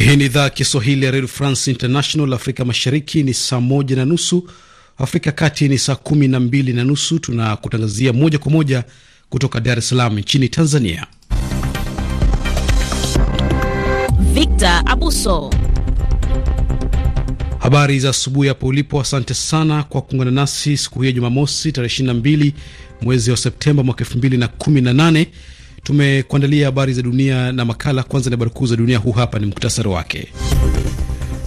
Hii ni idhaa ya Kiswahili ya redio France International. Afrika Mashariki ni saa moja na nusu, Afrika Kati ni saa kumi na mbili na nusu. Tunakutangazia moja kwa moja kutoka Dar es Salaam nchini Tanzania. Victor Abuso, habari za asubuhi hapo ulipo. Asante sana kwa kuungana nasi siku hii ya Jumamosi, tarehe 22 mwezi wa Septemba mwaka 2018. Tumekuandalia habari za dunia na makala. Kwanza ni habari kuu za dunia, huu hapa ni muktasari wake.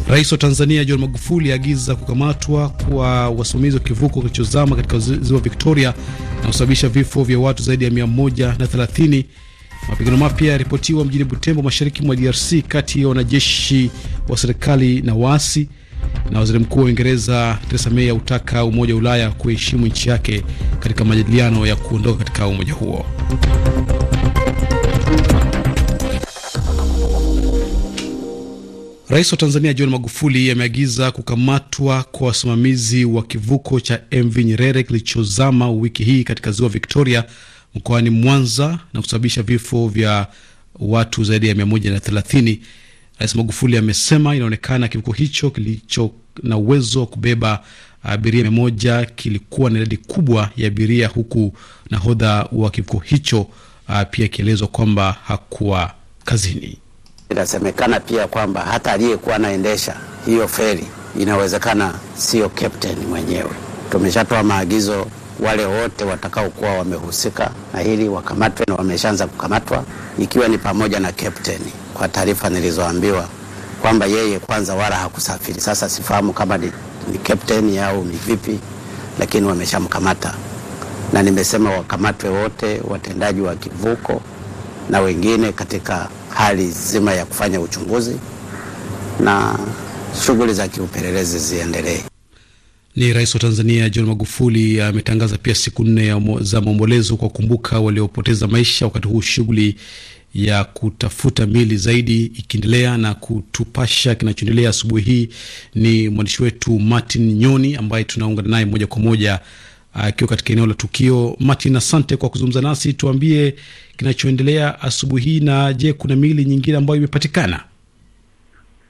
Rais wa Tanzania John Magufuli aagiza kukamatwa kwa wasimamizi wa kivuko kilichozama katika ziwa Victoria na kusababisha vifo vya watu zaidi ya 130. Mapigano mapya yaripotiwa mjini Butembo, mashariki mwa DRC, kati ya wanajeshi wa serikali na waasi. Na waziri mkuu wa Uingereza Theresa May autaka Umoja wa Ulaya kuheshimu nchi yake katika majadiliano ya kuondoka katika umoja huo. Rais wa Tanzania John Magufuli ameagiza kukamatwa kwa wasimamizi wa kivuko cha MV Nyerere kilichozama wiki hii katika ziwa Victoria mkoani Mwanza na kusababisha vifo vya watu zaidi ya 130. Rais Magufuli amesema inaonekana kivuko hicho kilicho na uwezo wa kubeba abiria mia moja kilikuwa na idadi kubwa ya abiria, huku nahodha wa kivuko hicho uh, pia akielezwa kwamba hakuwa kazini. Inasemekana pia kwamba hata aliyekuwa anaendesha hiyo feri inawezekana siyo captain mwenyewe. Tumeshatoa maagizo wale wote watakaokuwa wamehusika na hili wakamatwe, na wameshaanza kukamatwa, ikiwa ni pamoja na captain, kwa taarifa nilizoambiwa kwamba yeye kwanza wala hakusafiri. Sasa sifahamu kama ni, ni captain au ni vipi, lakini wameshamkamata na nimesema wakamatwe wote watendaji wa kivuko na wengine katika hali zima ya kufanya uchunguzi na shughuli za kiupelelezi ziendelee. Ni Rais wa Tanzania John Magufuli ametangaza pia siku nne za maombolezo kwa kumbuka waliopoteza maisha, wakati huu shughuli ya kutafuta mili zaidi ikiendelea. Na kutupasha kinachoendelea asubuhi hii ni mwandishi wetu Martin Nyoni ambaye tunaungana naye moja kwa moja akiwa katika eneo la tukio. Martin, asante kwa kuzungumza nasi, tuambie kinachoendelea asubuhi hii, na je, kuna miili nyingine ambayo imepatikana?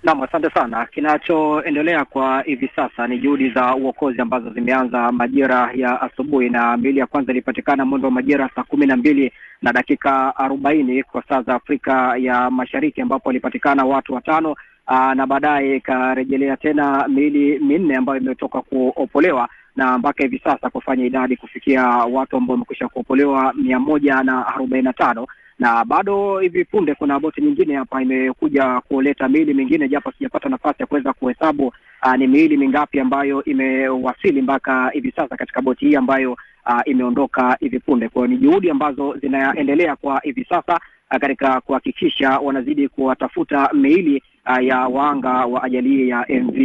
Naam, asante sana. Kinachoendelea kwa hivi sasa ni juhudi za uokozi ambazo zimeanza majira ya asubuhi, na miili ya kwanza ilipatikana mwendo wa majira saa kumi na mbili na dakika arobaini kwa saa za Afrika ya Mashariki, ambapo walipatikana watu watano aa, na baadaye ikarejelea tena miili minne ambayo imetoka kuopolewa na mpaka hivi sasa kufanya idadi kufikia watu ambao wamekwisha kuopolewa mia moja na arobaini na tano na bado hivi punde kuna boti nyingine hapa imekuja kuleta miili mingine, japo sijapata nafasi ya kuweza kuhesabu ah, ni miili mingapi ambayo imewasili mpaka hivi sasa katika boti hii ambayo ah, imeondoka hivi punde. Kwa hiyo ni juhudi ambazo zinaendelea kwa hivi sasa ah, katika kuhakikisha wanazidi kuwatafuta miili ya waanga wa ajali ya MV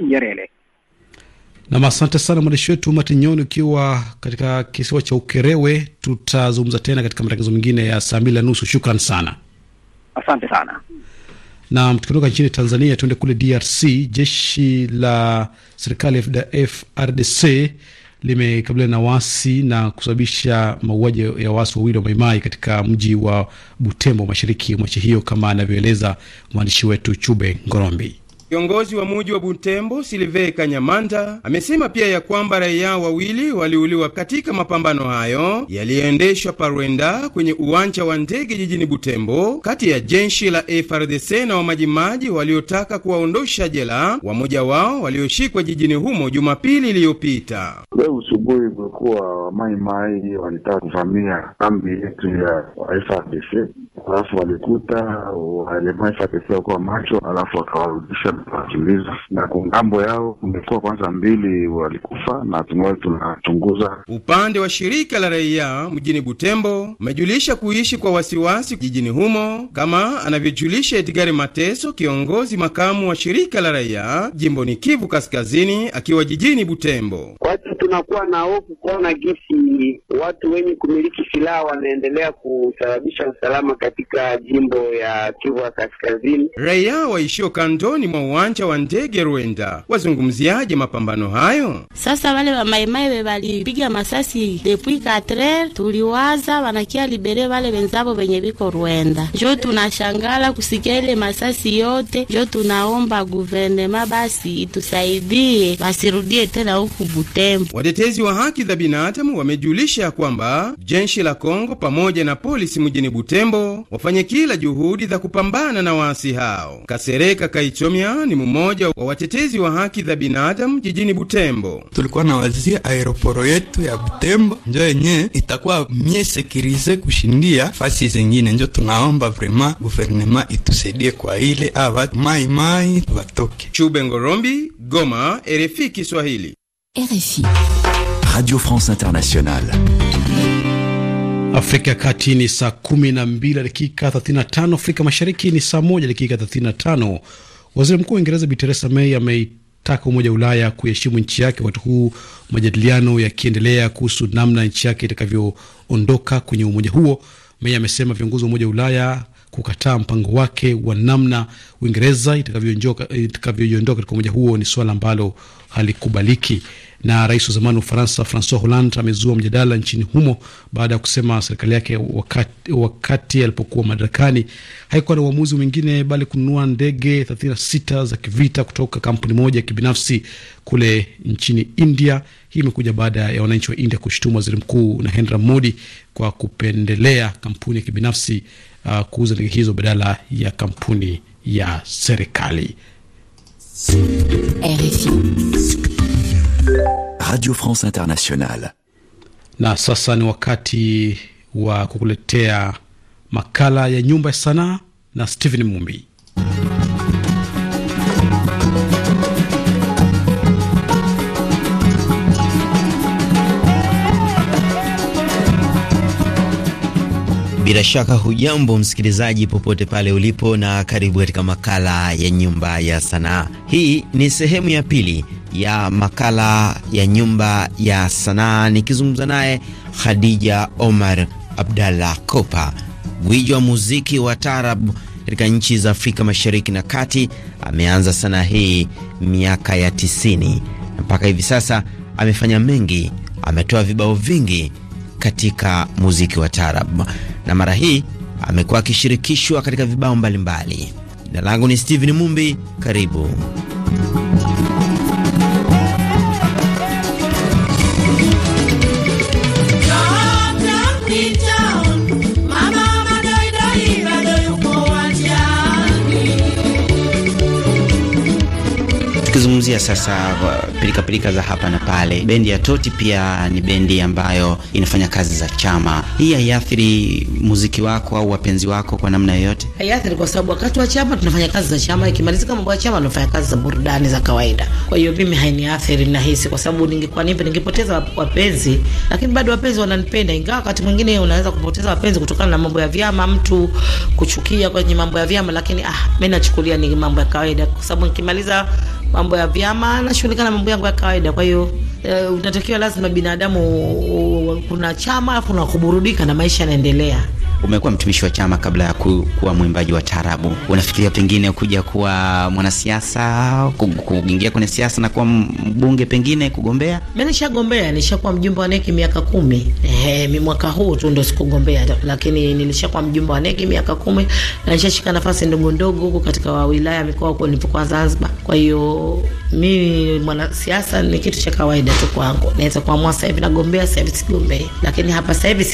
Nyerere. Nam, asante sana mwandishi wetu Matinyoni ukiwa katika kisiwa cha Ukerewe. Tutazungumza tena katika matangazo mengine ya saa mbili na nusu. Shukran sana, asante sana. Nam, tukitoka nchini Tanzania tuende kule DRC. Jeshi la serikali FRDC limekabiliana na wasi na kusababisha mauaji ya wasi wawili wa Maimai katika mji wa Butembo, mashariki mwa nchi hiyo, kama anavyoeleza mwandishi wetu Chube Ngorombi. Kiongozi wa muji wa Butembo Silvei Kanyamanda amesema pia ya kwamba raia wawili waliuliwa katika mapambano hayo yaliyoendeshwa parwenda kwenye uwanja wa ndege jijini Butembo, kati ya jeshi la FRDC na wamajimaji waliotaka kuwaondosha jela wamoja wao walioshikwa jijini humo Jumapili iliyopita. Leo usubuhi kulikuwa wamaimai walitaka kuvamia kambi yetu ya FRDC, alafu walikuta walema FRDC wakuwa macho, alafu wakawarudisha wakimbizi na kungambo yao kumekuwa kwanza mbili walikufa na tungali tunachunguza. Upande wa shirika la raia mjini Butembo umejulisha kuishi kwa wasiwasi jijini humo, kama anavyojulisha Edgari Mateso, kiongozi makamu wa shirika la raia jimboni Kivu Kaskazini, akiwa jijini Butembo. Watu tunakuwa na hofu kuona gisi watu wenye kumiliki silaha wanaendelea kusababisha usalama katika jimbo ya Kivu Kaskazini. Raia waishio kandoni mwa uwanja wa ndege Rwenda. Wazungumziaje mapambano hayo? Sasa wale wa we walipiga masasi depuis katre, tuliwaza wanakia libere wale wenzavo wenye viko Rwenda, njo tunashangala kusikia ile masasi yote, njo tunaomba guvernema basi itusaidie wasirudie tena huku Butembo. Watetezi wa haki za binadamu wamejulisha kwamba jeshi la Kongo pamoja na polisi mjini Butembo wafanye kila juhudi za kupambana na waasi hao. Kasereka Kaichomia ni mmoja wa watetezi wa haki za binadamu jijini Butembo. Tulikuwa na wazia aeroporo yetu ya Butembo njo yenye itakuwa mie sekirize kushindia fasi zingine njo tunaomba vrema guvernema itusaidie kwa ile ava mai mai vatoke. Chube Ngorombi, Goma, RFI Kiswahili. RFI Radio France Internationale. Afrika ya Kati ni saa 12 dakika 35, Afrika Mashariki ni saa 1 dakika 35. Waziri Mkuu wa Uingereza Bi Theresa May ameitaka Umoja wa Ulaya kuheshimu nchi yake, wakati huu majadiliano yakiendelea kuhusu namna nchi yake itakavyoondoka kwenye umoja huo. May amesema viongozi wa Umoja wa Ulaya kukataa mpango wake wa namna Uingereza itakavyoiondoa katika umoja huo ni suala ambalo halikubaliki. Na rais wa zamani wa Ufaransa Francois Hollande amezua mjadala nchini humo baada ya kusema serikali yake wakati, wakati alipokuwa madarakani haikuwa na uamuzi mwingine bali kununua ndege 36 za kivita kutoka kampuni moja ya kibinafsi kule nchini India. Hii imekuja baada ya wananchi wa India kushtuma waziri mkuu Narendra Modi kwa kupendelea kampuni ya kibinafsi uh, kuuza ndege hizo badala ya kampuni ya serikali. RFI. Radio France Internationale. Na sasa ni wakati wa kukuletea makala ya nyumba ya sanaa na stephen Mumbi. Bila shaka hujambo msikilizaji, popote pale ulipo, na karibu katika makala ya nyumba ya sanaa. Hii ni sehemu ya pili ya makala ya nyumba ya sanaa, nikizungumza naye Khadija Omar Abdallah Kopa, gwiji wa muziki wa tarab katika nchi za Afrika Mashariki na Kati. Ameanza sanaa hii miaka ya tisini na mpaka hivi sasa amefanya mengi, ametoa vibao vingi katika muziki wa tarab, na mara hii amekuwa akishirikishwa katika vibao mbalimbali. Jina langu ni Steven Mumbi, karibu tunazungumzia sasa pilikapilika uh, pilika za hapa na pale. Bendi ya Toti pia ni bendi ambayo inafanya kazi za chama. Hii haiathiri muziki wako au wapenzi wako kwa namna yoyote? Haiathiri kwa sababu wakati wa chama tunafanya kazi za chama, ikimalizika mambo ya chama tunafanya kazi za burudani za kawaida. Kwa hiyo mimi hainiathiri, nahisi kwa sababu ningekuwa nipe ningepoteza wapenzi, lakini bado wapenzi wananipenda, ingawa wakati mwingine unaweza kupoteza wapenzi kutokana na mambo ya vyama, mtu kuchukia kwenye mambo ya vyama, lakini ah, mimi nachukulia ni mambo ya kawaida kwa sababu nikimaliza mambo ya vyama, nashughulika na mambo yangu ya kawaida. Kwa hiyo unatakiwa eh, lazima binadamu, kuna chama alafu unakuburudika na maisha yanaendelea. Umekuwa mtumishi wa chama kabla ya ku, kuwa mwimbaji wa taarabu. Unafikiria pengine kuja kuwa mwanasiasa, kuingia kwenye siasa na kuwa mbunge, pengine kugombea? Mi nishagombea, nishakuwa mjumbe wa neki miaka kumi. Ehe, mwaka huu tu ndo sikugombea, lakini nilishakuwa mjumbe wa neki miaka kumi na nishashika nafasi ndogo ndogo katika wilaya, mikoa huko nilipokuwa Zanzibar. Kwa hiyo mimi mwanasiasa ni kitu cha kawaida tu kwangu. Naweza kuamua sasa hivi nagombea, sasa hivi sigombei, lakini hapa sasa hivi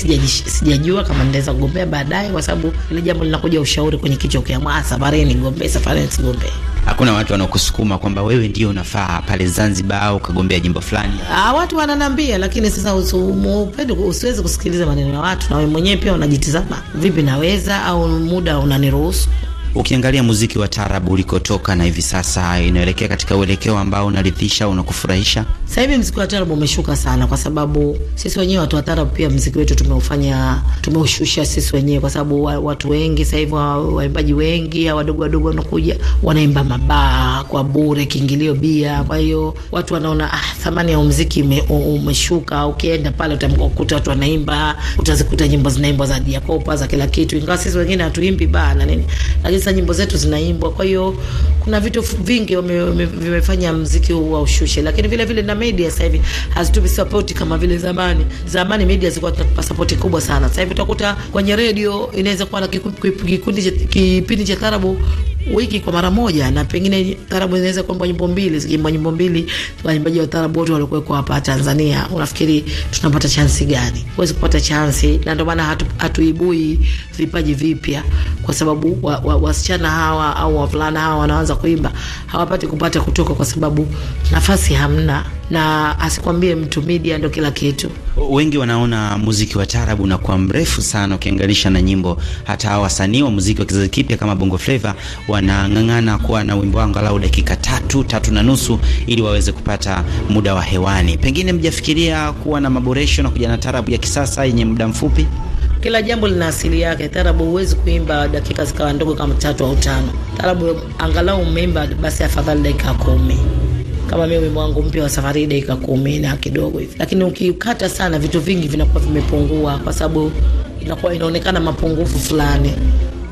sijajua kama naweza kugombea baadaye, kwa sababu ile jambo linakuja ushauri kwenye kichwa, ukiamua ah, safari nigombee, safari sigombee. Hakuna watu wanaokusukuma kwamba wewe ndio unafaa pale Zanzibar au ukagombea jimbo fulani. Ah, watu wananambia, lakini sasa usimuupendi, usiwezi kusikiliza maneno ya watu, na wewe mwenyewe pia unajitizama, vipi naweza au muda unaniruhusu? ukiangalia muziki wa tarabu ulikotoka na hivi sasa inaelekea katika uelekeo ambao unaridhisha, unakufurahisha. Sasa hivi muziki wa tarabu umeshuka sana, kwa sababu sisi wenyewe watu wa tarabu pia muziki wetu tumeufanya, tumeushusha sisi wenyewe, kwa sababu watu wengi sasa hivi waimbaji wengi au wadogo wadogo wanakuja wanaimba mabaa kwa bure, kiingilio bia. Kwa hiyo watu wanaona ah, thamani ya muziki umeshuka. Ukienda pale utakuta watu wanaimba, utazikuta nyimbo zinaimbwa za diakopa za kila kitu, ingawa sisi wengine hatuimbi baa na nini, lakini kabisa nyimbo zetu zinaimbwa. Kwa hiyo kuna vitu vingi vimefanya mziki huu wa ushushe, lakini vile vile na media sasa hivi hazitupi support kama vile zamani. Zamani media zilikuwa zinatupa support kubwa sana. Sasa hivi utakuta kwenye redio inaweza kuwa na kikundi kipindi cha tarabu wiki kwa mara moja, na pengine tarabu inaweza kuimba nyimbo mbili, zikiimba nyimbo mbili, waimbaji wa tarabu wote waliokuwepo hapa Tanzania, unafikiri tunapata chansi gani? Huwezi kupata chansi, na ndio maana hatuibui hatu vipaji vipya kwa sababu wa, wa, wa wasichana hawa au wavulana hawa wanaanza kuimba hawapati kupata kutoka, kwa sababu nafasi hamna, na asikwambie mtu, media ndo kila kitu. Wengi wanaona muziki wa tarabu unakuwa mrefu sana ukianganisha na nyimbo. Hata hawa wasanii wa muziki wa kizazi kipya kama Bongo Flava wanang'ang'ana kuwa na wimbo angalau dakika tatu tatu na nusu ili waweze kupata muda wa hewani. Pengine mjafikiria kuwa na maboresho na kuja na tarabu ya kisasa yenye muda mfupi? Kila jambo lina asili yake. Tarabu huwezi kuimba dakika zikawa ndogo kama tatu au tano. Tarabu angalau umeimba basi afadhali dakika kumi kama mimi wimbo wangu mpya wa safari dakika kumi na kidogo hivi, lakini ukikata sana vitu vingi vinakuwa vimepungua, kwa sababu inakuwa inaonekana mapungufu fulani.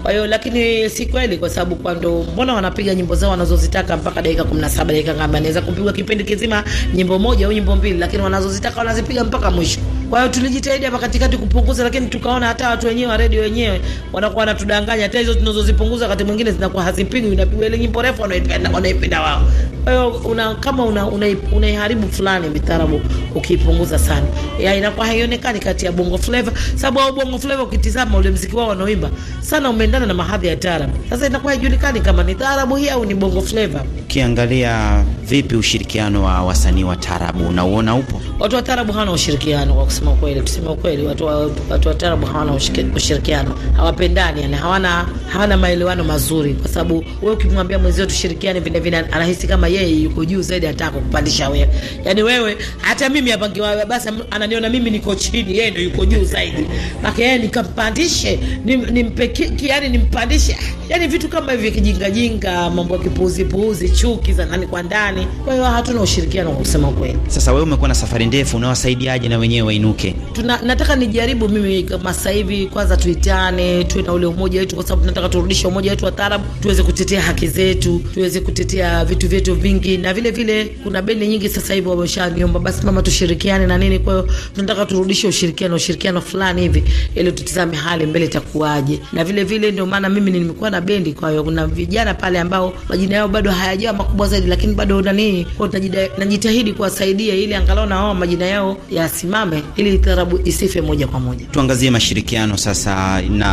Kwa hiyo lakini si kweli, kwa sababu kwa ndo mbona wanapiga nyimbo zao wanazozitaka mpaka dakika kumi na saba dakika ngapi? Anaweza kupigwa kipindi kizima nyimbo moja au nyimbo mbili, lakini wanazozitaka wanazipiga mpaka mwisho. Kwa hiyo tulijitahidi hapa katikati kupunguza, lakini tukaona hata watu wenyewe wa redio wenyewe wanakuwa wanatudanganya. Hata hizo tunazozipunguza wakati mwingine zinakuwa hazipigwi, inapigwa ile nyimbo refu wanaipenda wanaipenda wao. Kwa hiyo una, kama una, unaiharibu una fulani mitarabu ukiipunguza sana, ya inakuwa haionekani kati ya bongo flava, sababu au bongo flava ukitizama ule mziki wao wanaoimba sana umeendana na mahadhi ya tarabu. Sasa inakuwa haijulikani kama ni tarabu hii au ni bongo flava. Ukiangalia vipi ushirikiano wa wasanii wa tarabu, na upo watu wa tarabu hawana ushirikiano kwa kusema ukweli, tuseme ukweli, watu watu wa Tarabu hawana ushirikiano, hawapendani, yani hawana hawana maelewano mazuri, kwa sababu wewe ukimwambia mwenzio tushirikiane vile vile, anahisi kama yeye yuko juu zaidi, anataka kukupandisha wewe. Yani wewe hata mimi hapa ngiwa basi, ananiona mimi niko chini, yeye ndio yuko juu zaidi, maka yeye nikampandishe, nimpe ni yani nimpandishe, yani vitu kama hivi kijinga jinga, mambo ya kipuuzi puuzi, chuki za ndani kwa ndani. Kwa hiyo hatuna ushirikiano kusema kweli. Sasa wewe umekuwa na safari ndefu, unawasaidiaje na wenyewe inuke. Tuna, nataka nijaribu mimi kama sasa hivi, kwanza tuitane, tuwe na ule umoja wetu, kwa sababu tunataka turudishe umoja wetu wa taarabu, tuweze kutetea haki zetu, tuweze kutetea vitu vyetu vingi, na vile vile kuna bendi nyingi sasa hivi wameshaniomba, basi mama, tushirikiane na nini. Kwa hiyo tunataka turudishe ushirikiano, ushirikiano fulani hivi, ili tutizame hali mbele itakuwaje, na vile vile ndio maana mimi nimekuwa na bendi. Kwa hiyo kuna vijana pale ambao majina yao bado hayajawa makubwa zaidi, lakini bado nani, kwa najitahidi kuwasaidia ili angalau na wao majina yao yasimame ili tarabu isife moja kwa moja. Tuangazie mashirikiano sasa na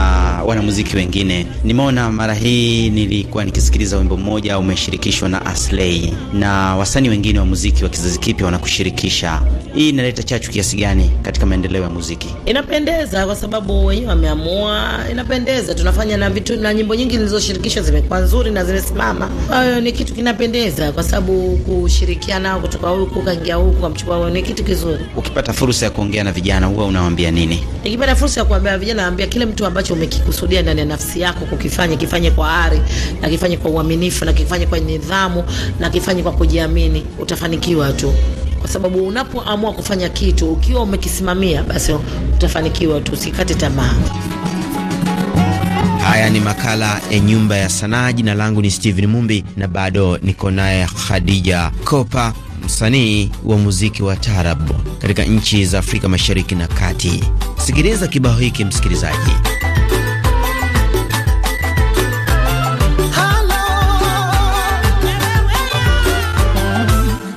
wanamuziki wengine. Nimeona mara hii nilikuwa nikisikiliza wimbo mmoja umeshirikishwa na Aslay na wasanii wengine wa muziki wa kizazi kipya wanakushirikisha. Hii inaleta chachu kiasi gani katika maendeleo ya muziki? Inapendeza kwa sababu wenyewe wameamua, inapendeza. Tunafanya na vitu na nyimbo nyingi zilizoshirikishwa zimekuwa nzuri na zimesimama. Kwa ni kitu kinapendeza kwa sababu kushirikiana kutoka huku kaingia huku kamchukua, ni kitu kizuri ukipata fursa ya kuongea unapoongea na vijana huwa unawaambia nini? Nikipata fursa ya kuambia vijana, naambia kile mtu ambacho umekikusudia ndani ya nafsi yako kukifanya, kifanye kwa ari na kifanye kwa uaminifu na kifanye kwa nidhamu na kifanye kwa kujiamini, utafanikiwa tu kwa sababu unapoamua kufanya kitu ukiwa umekisimamia basi utafanikiwa tu, usikate tamaa. Haya ni makala ya Nyumba ya Sanaa. Jina langu ni Steven Mumbi na bado niko naye Khadija Kopa msanii wa muziki wa tarabu katika nchi za Afrika Mashariki na Kati. Sikiliza kibao hiki msikilizaji.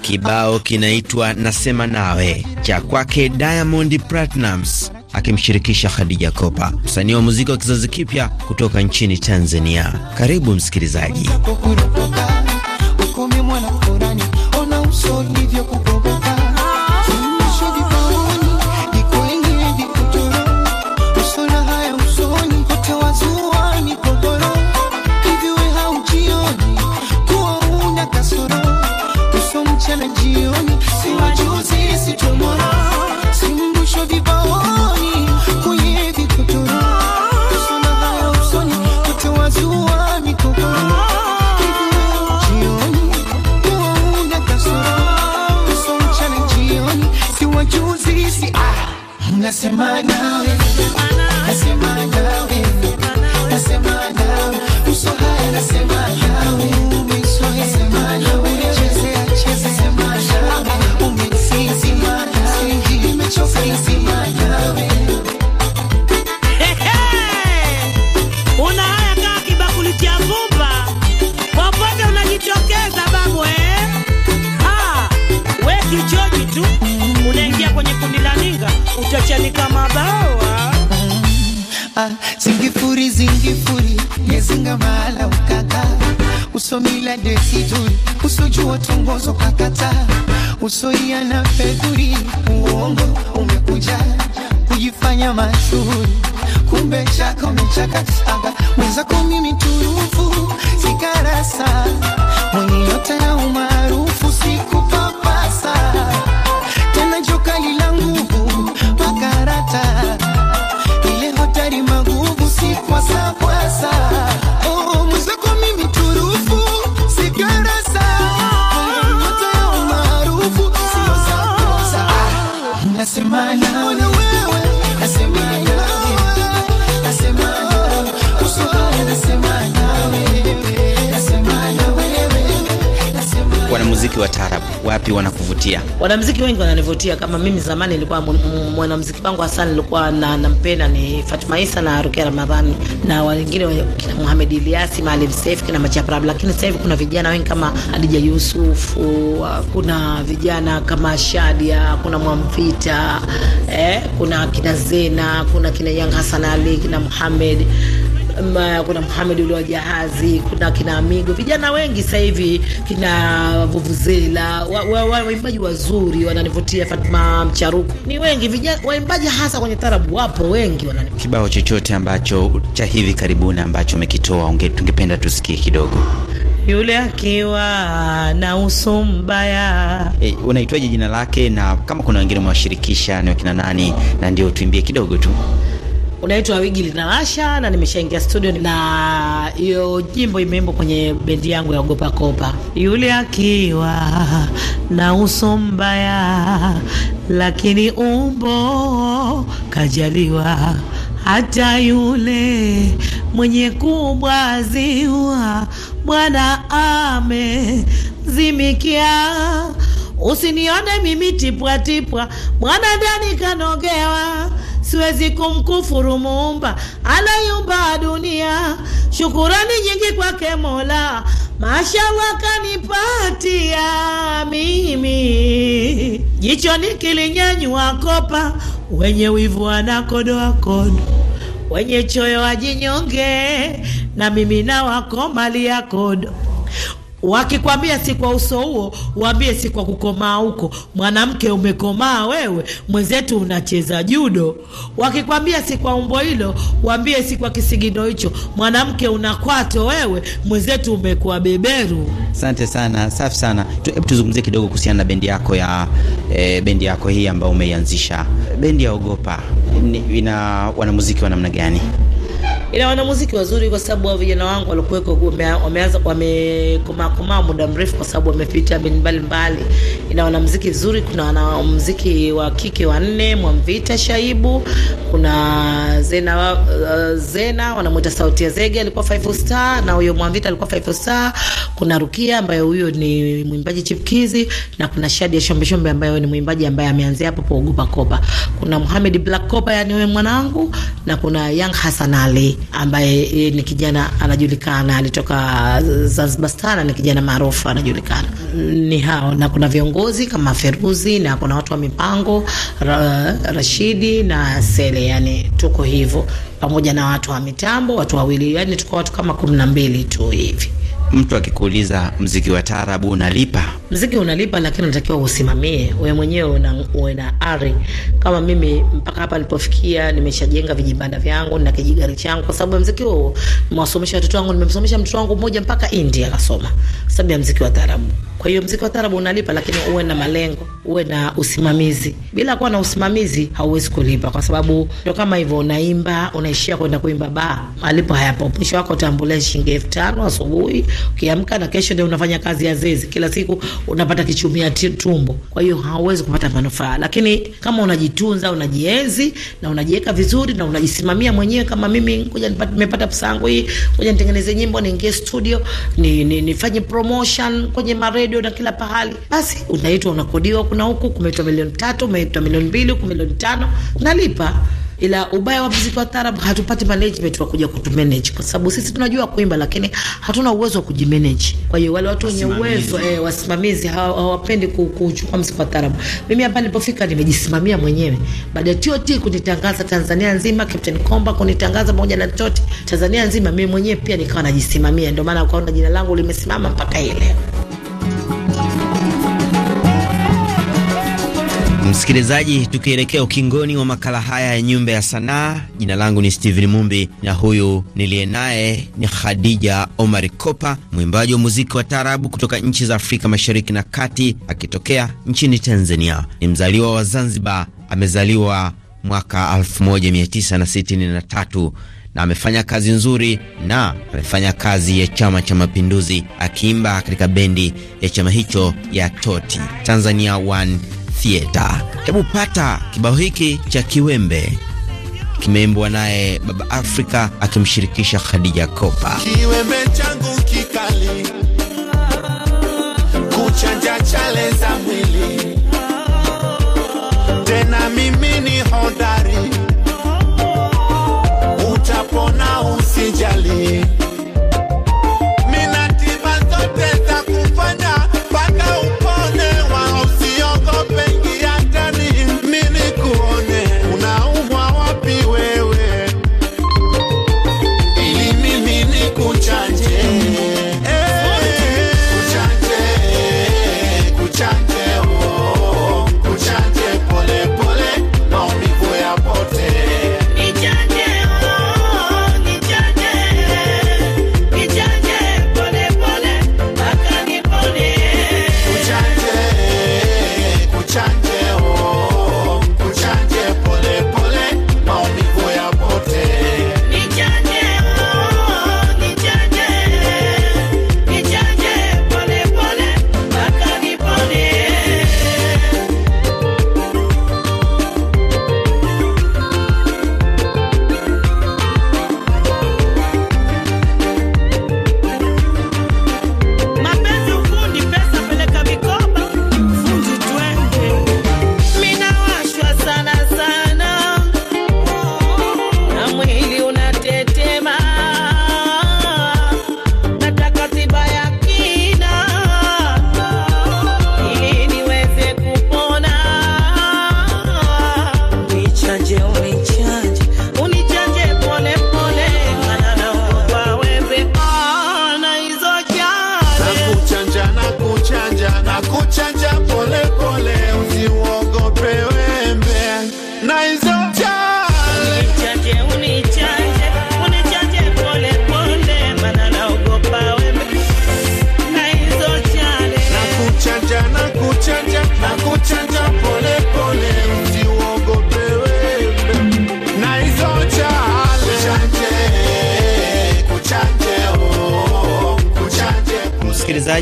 Kibao kinaitwa Nasema Nawe cha kwake Diamond Platnumz akimshirikisha Khadija Kopa, msanii wa muziki wa kizazi kipya kutoka nchini Tanzania. Karibu msikilizaji. that's in my now. somila desitud usujua tongozo kakata usoiana fedhuri uongo umekuja kujifanya mashuhuri kumbe chaka umechakataga mwenzako mimi turufu sikarasa mwenye yote na umaarufu sikupapasa tena jokali la nguvu makarata ile hotari maguvu sikwasapwasa oh, mwenzako mimi turufu nasema nawe, nasema nawe, nasema nawe muziki wa tarabu wapi wanakuvutia? Wanamuziki wengi wananivutia. Kama mimi zamani nilikuwa mwanamuziki wangu hasa nilikuwa na nampenda ni Fatuma Isa na Rukia Ramadhani na wengine kina Muhammad Ilyasi, Maalim Seif, kina Machaprab, lakini sasa hivi kuna vijana wengi kama Adija Yusuf, uh, kuna vijana kama Shadia, kuna Mwamvita eh, kuna kina Zena, kuna kina Young Hassan Ali, kina Muhammad ma, kuna Muhamed ule wa jahazi, kuna kina Amigo, vijana wengi sasa hivi kina Vuvuzela, waimbaji wa, wa, wa wazuri wananivutia. Fatma Mcharuku ni wengi vijana waimbaji, hasa kwenye tarabu wapo wengi wanani. Kibao chochote ambacho cha hivi karibuni ambacho umekitoa tungependa tusikie kidogo. Yule akiwa na uso mbaya. E, unaitwaje jina lake, na kama kuna wengine umewashirikisha ni wakina nani? Na ndio tuimbie kidogo tu unaitwa Wigi Linawasha, na nimeshaingia studio, na hiyo jimbo imeimbwa kwenye bendi yangu ya Ogopa Kopa. Yule akiwa na uso mbaya, lakini umbo kajaliwa hata yule mwenye kubwa ziwa Bwana amezimikia. Usinione mimi tipwatipwa, mwanadani kanogewa siwezi kumkufuru Muumba aliyeumba dunia, shukurani nyingi kwake Mola, mashallah kanipatia mimi. Jicho nikilinyanyua wakopa wenye wivu anakodoa kodo, wenye choyo wajinyonge, na mimi ya kodo Wakikwambia si kwa uso huo, waambie si kwa kukomaa huko. Mwanamke umekomaa wewe, mwenzetu unacheza judo. Wakikwambia si kwa umbo hilo, waambie si kwa kisigino hicho. Mwanamke unakwato wewe, mwenzetu umekuwa beberu. Asante sana, safi sana. Hebu tuzungumzie kidogo kuhusiana na bendi yako ya e, bendi yako hii ambayo umeianzisha, bendi ya Ogopa. Ina wanamuziki wa namna gani? ina wanamuziki wazuri, kwa sababu wa vijana wangu walikuweko wameanza wamekomakomaa muda mrefu, kwa sababu wamepita mbali mbalimbali. Ina wanamuziki vizuri, kuna wanamuziki wa kike wanne, Mwamvita Shaibu, kuna Zena, uh, Zena wanamwita Sauti ya Zege, alikuwa five star na huyo Mwamvita alikuwa five star. Kuna Rukia ambaye huyo ni mwimbaji chipkizi, na kuna Shadi ya Shombe Shombe ambaye ni mwimbaji ambaye ameanzia hapo kwa Ogopa Kopa. Kuna Muhammad Black Kopa, yani wewe mwanangu, na kuna Young Hassan Ali ambaye e, ni kijana anajulikana, alitoka Zanzibar Stara, ni kijana maarufu anajulikana. Ni hao na kuna viongozi kama Feruzi na kuna watu wa mipango ra, Rashidi na Sele, yani tuko hivyo pamoja na watu wa mitambo, watu wawili, yani tuko watu kama kumi na mbili tu hivi. Mtu akikuuliza mziki wa taarabu unalipa mziki unalipa, lakini unatakiwa usimamie wewe mwenyewe, una uwe na ari. Kama mimi mpaka hapa nilipofikia, nimeshajenga vijibanda vyangu na kijigari changu, kwa sababu ya mziki huo. Nimewasomesha watoto wangu, nimemsomesha mtoto wangu mmoja mpaka India akasoma, sababu ya mziki wa taarabu. Kwa hiyo mziki wa taarabu unalipa, lakini uwe na malengo, uwe na usimamizi. Bila kuwa na usimamizi, hauwezi kulipa, kwa sababu ndio kama hivyo, unaimba unaishia kwenda kuimba baa, malipo hayapo. Mwisho wako utaambulia shilingi elfu tano asubuhi, ukiamka na kesho ndio unafanya kazi ya zezi kila siku unapata kichumia tumbo, kwa hiyo hauwezi kupata manufaa. Lakini kama unajitunza, unajienzi na unajiweka vizuri na unajisimamia mwenyewe, kama mimi, ngoja nimepata pesa yangu hii, ngoja nitengeneze nyimbo, niingie studio, ni, ni, nifanye promotion kwenye maredio na kila pahali, basi unaitwa, unakodiwa, kuna huku kumeitwa milioni tatu, umeitwa milioni mbili, huku milioni tano, nalipa ila ubaya wa muziki wa tarab hatupati management wa kuja kutumanage, kwa sababu sisi tunajua kuimba, lakini hatuna uwezo wa kujimanage. Kwa hiyo wale watu wenye uwezo eh, wasimamizi hawapendi kuchukua muziki wa tarab. Mimi hapa nilipofika nimejisimamia mwenyewe baada ya TOT kunitangaza Tanzania nzima, Captain Komba kunitangaza pamoja na TOT Tanzania nzima, mimi mwenyewe pia nikawa najisimamia, ndio maana ukaona jina langu limesimama mpaka ile Msikilizaji, tukielekea ukingoni wa makala haya ya Nyumba ya Sanaa, jina langu ni Steven Mumbi na huyu niliye naye ni Khadija Omar Kopa, mwimbaji wa muziki wa taarabu kutoka nchi za Afrika Mashariki na Kati, akitokea nchini Tanzania. Ni mzaliwa wa Zanzibar, amezaliwa mwaka 1963 na amefanya kazi nzuri na amefanya kazi ya Chama cha Mapinduzi akiimba katika bendi ya chama hicho ya Toti Tanzania One Theater. Hebu pata kibao hiki cha Kiwembe, kimeimbwa naye Baba Afrika akimshirikisha Khadija Kopa. Kiwembe changu kikali kuchanja chale zangu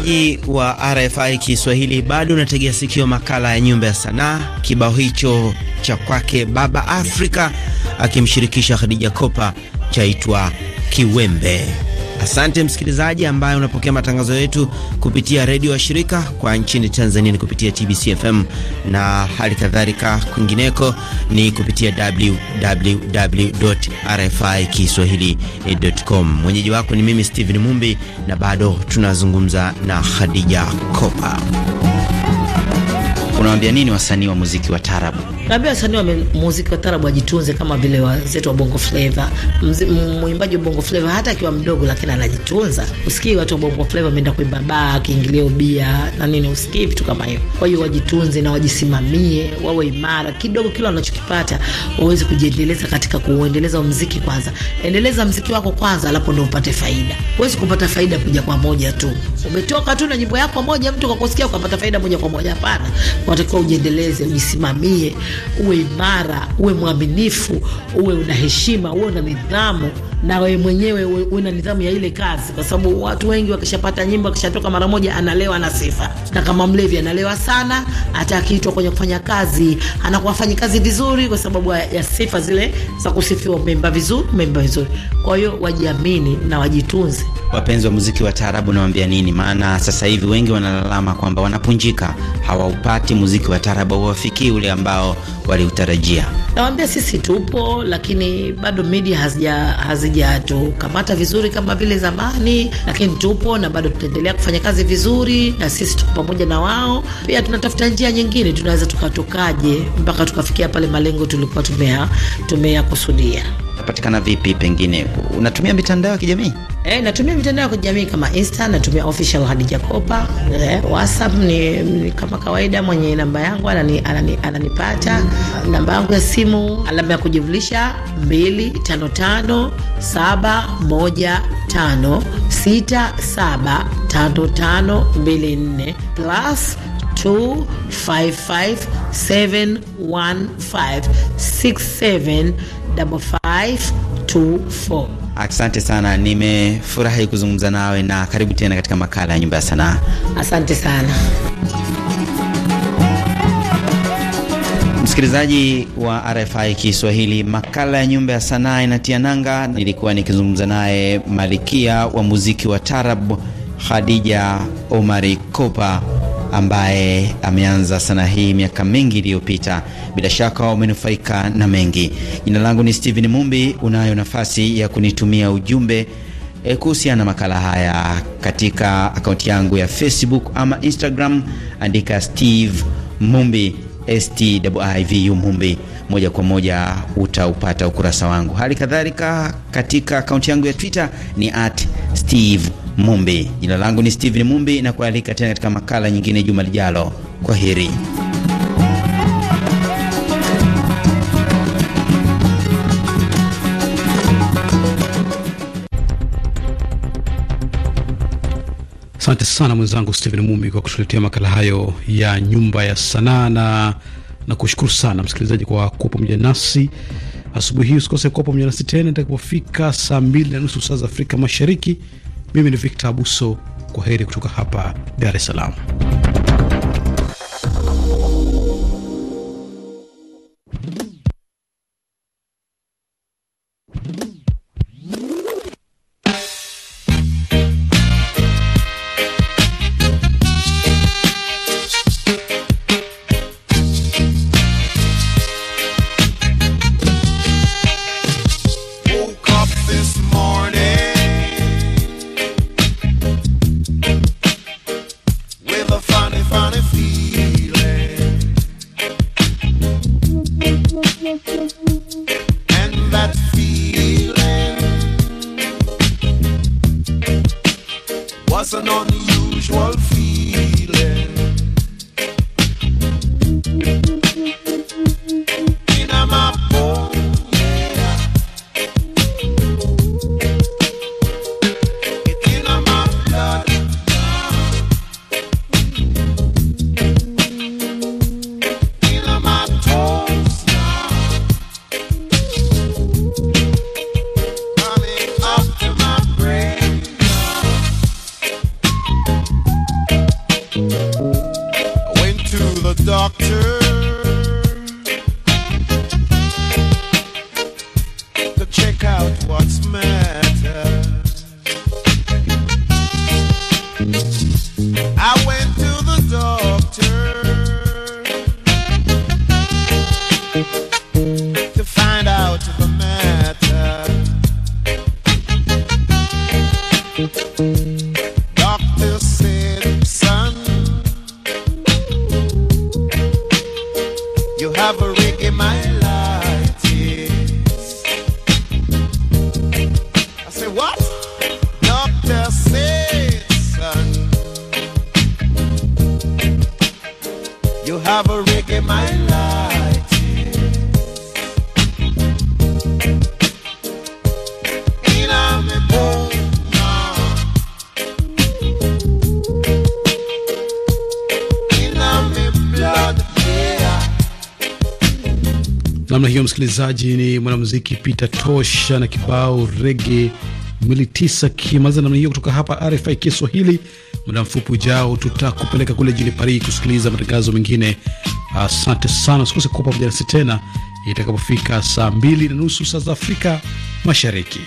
Msikilizaji wa RFI Kiswahili, bado unategea sikio makala ya nyumba ya sanaa. Kibao hicho cha kwake Baba Afrika akimshirikisha Khadija Kopa chaitwa Kiwembe. Asante msikilizaji ambaye unapokea matangazo yetu kupitia redio wa shirika kwa nchini Tanzania ni kupitia TBC FM na hali kadhalika kwingineko ni kupitia www rfi kiswahilicom Mwenyeji wako ni mimi Steven Mumbi na bado tunazungumza na Khadija Kopa. Unawaambia nini wasanii wa muziki wa tarabu? Naambia wasanii wa muziki wa tarabu wajitunze kama vile wazetu wa Bongo Flava. Mwimbaji wa Bongo Flava hata akiwa mdogo, lakini anajitunza. Usikii watu wa Bongo Flava wameenda kuimba baa, kiingilio, ubia na nini, usikii vitu kama hiyo. Kwa hiyo wajitunze na wajisimamie, wawe imara kidogo, kila wanachokipata waweze kujiendeleza katika kuendeleza muziki. Kwanza endeleza muziki wako kwanza, alapo ndio upate faida. Huwezi kupata faida kuja kwa moja tu, umetoka tu na nyimbo yako moja, mtu kakusikia ukapata faida moja kwa moja. Hapana, unatakiwa ujiendeleze, ujisimamie uwe imara, uwe mwaminifu, uwe una heshima, uwe una nidhamu na wewe mwenyewe uwe na nidhamu ya ile kazi, kwa sababu watu wengi wakishapata nyimbo, wakishatoka mara moja, analewa na sifa. Na kama mlevi analewa sana, hata akiitwa kwenye kufanya kazi anakuwa kazi vizuri, kwa sababu ya sifa zile za kusifiwa, umeimba vizuri, umeimba vizuri. Kwa hiyo wajiamini na wajitunze. Wapenzi wa muziki wa taarabu, nawaambia nini? Maana sasa hivi wengi wanalalama kwamba wanapunjika, hawaupati muziki wa taarabu, hauwafikii ule ambao waliutarajia. Nawaambia sisi tupo, lakini bado media hazija hatujatukapata vizuri kama vile zamani, lakini tupo na bado tutaendelea kufanya kazi vizuri, na sisi tuko pamoja na wao pia. Tunatafuta njia nyingine tunaweza tukatokaje mpaka tukafikia pale malengo tulikuwa tumeyakusudia. Unapatikana vipi? Pengine unatumia mitandao ya kijamii? Eh, natumia mitandao ya kijamii kama Insta, natumia official Hadija Kopa. Eh, WhatsApp ni, ni kama kawaida mwenye namba yangu anani, anani, ananipata. Namba yangu ya simu alama ya kujivulisha 255 715 67 5524 plus 25571567 5524. Asante sana, nimefurahi kuzungumza nawe na karibu tena katika makala ya nyumba ya sanaa. Asante sana. Msikilizaji wa RFI Kiswahili, makala ya nyumba ya sanaa inatia nanga. Nilikuwa nikizungumza naye malikia wa muziki wa tarab Khadija Omari Kopa ambaye ameanza sanaa hii miaka mingi iliyopita. Bila shaka umenufaika na mengi. Jina langu ni Steven Mumbi. Unayo nafasi ya kunitumia ujumbe e, kuhusiana na makala haya katika akaunti yangu ya Facebook ama Instagram, andika Steve Mumbi Stivu Mumbi, moja kwa moja utaupata ukurasa wangu. Hali kadhalika katika akaunti yangu ya Twitter ni at Steve Mumbi. Jina langu ni Steven Mumbi na kualika tena katika makala nyingine juma lijalo. Kwa heri. Asante sana mwenzangu Steven Mumbi kwa kutuletea makala hayo ya nyumba ya sanaa na na kushukuru sana msikilizaji kwa kuwa pamoja nasi asubuhi hii. Usikose kuwa pamoja nasi tena itakapofika saa mbili na nusu saa za Afrika Mashariki. Mimi ni Victor Abuso, kwa heri kutoka hapa Dar es Salaam. namna hiyo, msikilizaji, ni mwanamuziki Peter Tosha na kibao rege mili tisa kimaliza namna hiyo. Kutoka hapa RFI Kiswahili, muda mfupi ujao tutakupeleka kule jini Paris kusikiliza matangazo mengine. Asante uh, sana, usikose kuwa pamoja nasi tena itakapofika saa mbili na nusu saa za Afrika Mashariki.